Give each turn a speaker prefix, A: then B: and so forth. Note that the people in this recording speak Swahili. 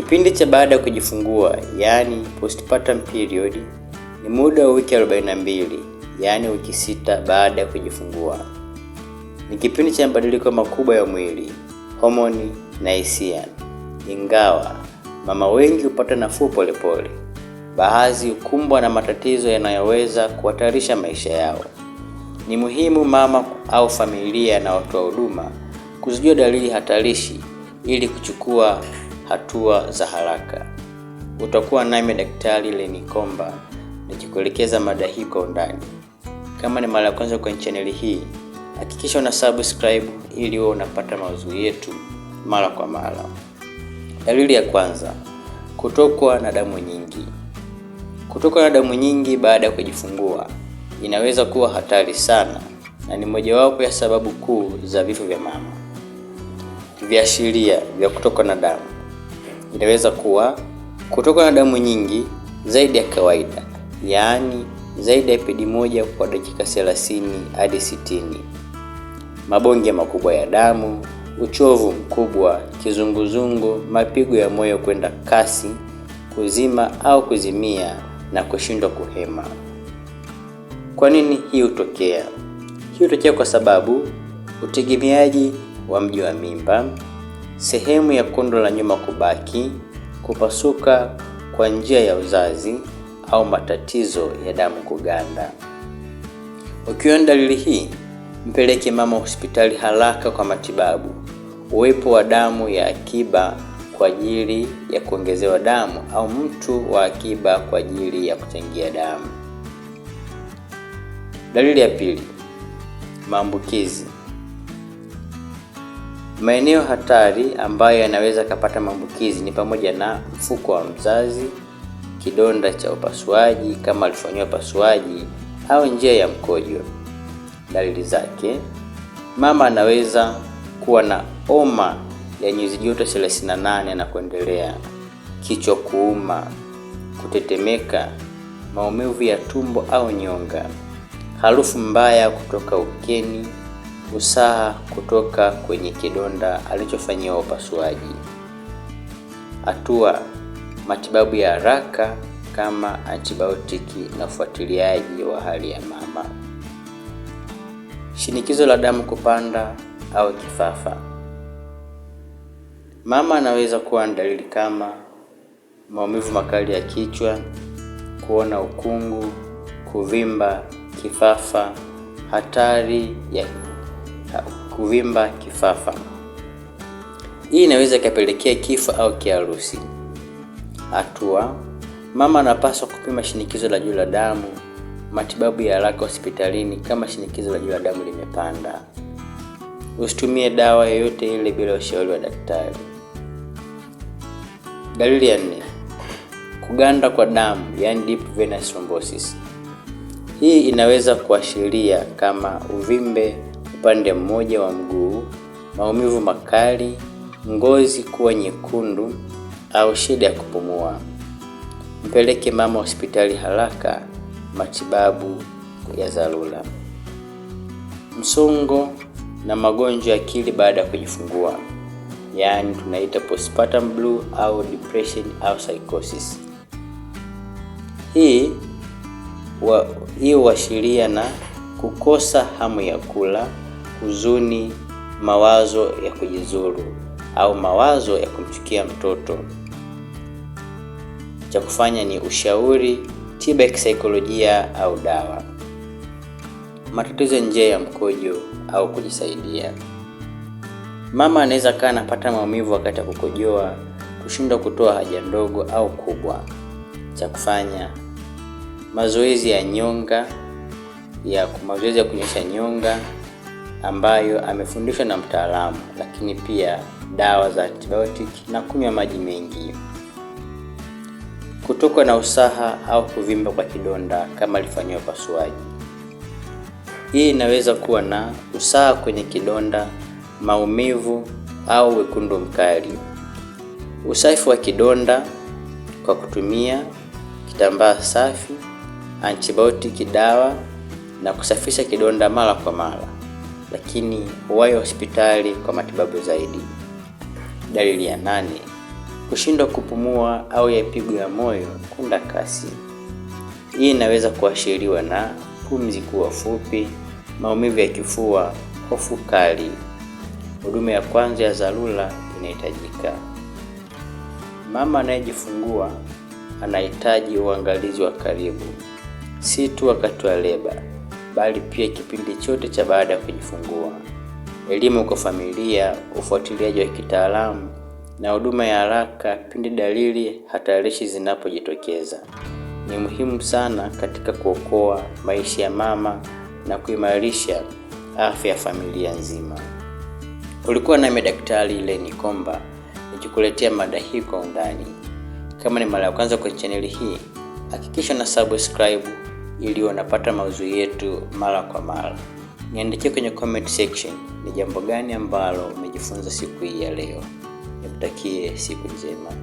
A: Kipindi cha baada ya kujifungua yaani postpartum period ni muda wa wiki 42 yaani wiki sita baada ya kujifungua. Ni kipindi cha mabadiliko makubwa ya mwili, homoni na hisia. Ingawa mama wengi hupata nafuu polepole, baadhi hukumbwa na matatizo yanayoweza kuhatarisha maisha yao. Ni muhimu mama au familia na watoa huduma kuzijua dalili hatarishi ili kuchukua hatua za haraka. Utakuwa nami Daktari Lenikomba nikikuelekeza mada hii kwa undani. Kama ni mara ya kwanza kwenye chaneli hii, hakikisha una subscribe ili uwe unapata mauzui yetu mara kwa mara. Dalili ya kwanza, kutokwa na damu nyingi. Kutokwa na damu nyingi baada ya kujifungua inaweza kuwa hatari sana na ni mojawapo ya sababu kuu za vifo vya mama. Viashiria vya kutokwa na damu inaweza kuwa kutoka na damu nyingi zaidi ya kawaida, yaani zaidi ya pedi moja kwa dakika 30 hadi 60, mabonge makubwa ya damu, uchovu mkubwa, kizunguzungu, mapigo ya moyo kwenda kasi, kuzima au kuzimia na kushindwa kuhema. Kwa nini hii hutokea? Hii hutokea kwa sababu utegemeaji wa mji wa mimba sehemu ya kondo la nyuma kubaki, kupasuka kwa njia ya uzazi au matatizo ya damu kuganda. Ukiona dalili hii, mpeleke mama hospitali haraka kwa matibabu. Uwepo wa damu ya akiba kwa ajili ya kuongezewa damu au mtu wa akiba kwa ajili ya kuchangia damu. Dalili ya pili, maambukizi. Maeneo hatari ambayo yanaweza kapata maambukizi ni pamoja na mfuko wa mzazi, kidonda cha upasuaji kama alifanyiwa upasuaji au njia ya mkojo. Dalili zake, mama anaweza kuwa na homa ya nyuzi joto 38 na kuendelea, kichwa kuuma, kutetemeka, maumivu ya tumbo au nyonga, harufu mbaya kutoka ukeni usaha kutoka kwenye kidonda alichofanyiwa upasuaji. Hatua: matibabu ya haraka kama antibiotiki na ufuatiliaji wa hali ya mama. Shinikizo la damu kupanda au kifafa. Mama anaweza kuwa na dalili kama maumivu makali ya kichwa, kuona ukungu, kuvimba, kifafa, hatari ya kuvimba kifafa. Hii inaweza ikapelekea kifo au kiharusi. Hatua: mama anapaswa kupima shinikizo la juu la damu, matibabu ya haraka hospitalini kama shinikizo la juu la damu limepanda. Usitumie dawa yoyote ile bila ushauri wa daktari. Dalili ya nne: kuganda kwa damu, yani deep venous thrombosis. Hii inaweza kuashiria kama uvimbe upande mmoja wa mguu, maumivu makali, ngozi kuwa nyekundu au shida ya kupumua, mpeleke mama hospitali haraka, matibabu ya dharura. Msongo na magonjwa ya akili baada ya kujifungua, yaani tunaita postpartum blue au depression au psychosis. Hii wa, hii huashiria na kukosa hamu ya kula huzuni, mawazo ya kujizuru au mawazo ya kumchukia mtoto. Cha kufanya ni ushauri, tiba ya kisaikolojia au dawa. Matatizo ya njia ya mkojo au kujisaidia. Mama anaweza kaa anapata maumivu wakati ya kukojoa, kushindwa kutoa haja ndogo au kubwa. Cha kufanya mazoezi ya nyonga ya mazoezi ya kunyosha nyonga ambayo amefundishwa na mtaalamu, lakini pia dawa za antibiotic na kunywa maji mengi. Kutokwa na usaha au kuvimba kwa kidonda kama alifanyiwa upasuaji. Hii inaweza kuwa na usaha kwenye kidonda, maumivu au wekundu mkali. Usafi wa kidonda kwa kutumia kitambaa safi, antibiotic dawa na kusafisha kidonda mara kwa mara lakini huwahi hospitali kwa matibabu zaidi. Dalili ya nane: kushindwa kupumua au yapigo ya moyo kwenda kasi. Hii inaweza kuashiriwa na pumzi kuwa fupi, maumivu ya kifua, hofu kali. Huduma ya kwanza ya dharura inahitajika. Mama anayejifungua anahitaji uangalizi wa karibu, si tu wakati wa leba bali pia kipindi chote cha baada ya kujifungua, elimu kwa familia, ufuatiliaji wa kitaalamu na huduma ya haraka pindi dalili hatarishi zinapojitokeza ni muhimu sana katika kuokoa maisha ya mama na kuimarisha afya ya familia nzima. Ulikuwa nami Daktari Leni Komba nikikuletea mada hii kwa undani. Kama ni mara ya kwanza kwenye chaneli hii, hakikisha na subscribe ili wanapata mauzui yetu mara kwa mara. Niandikie kwenye comment section ni jambo gani ambalo umejifunza siku hii ya leo. Nikutakie siku njema.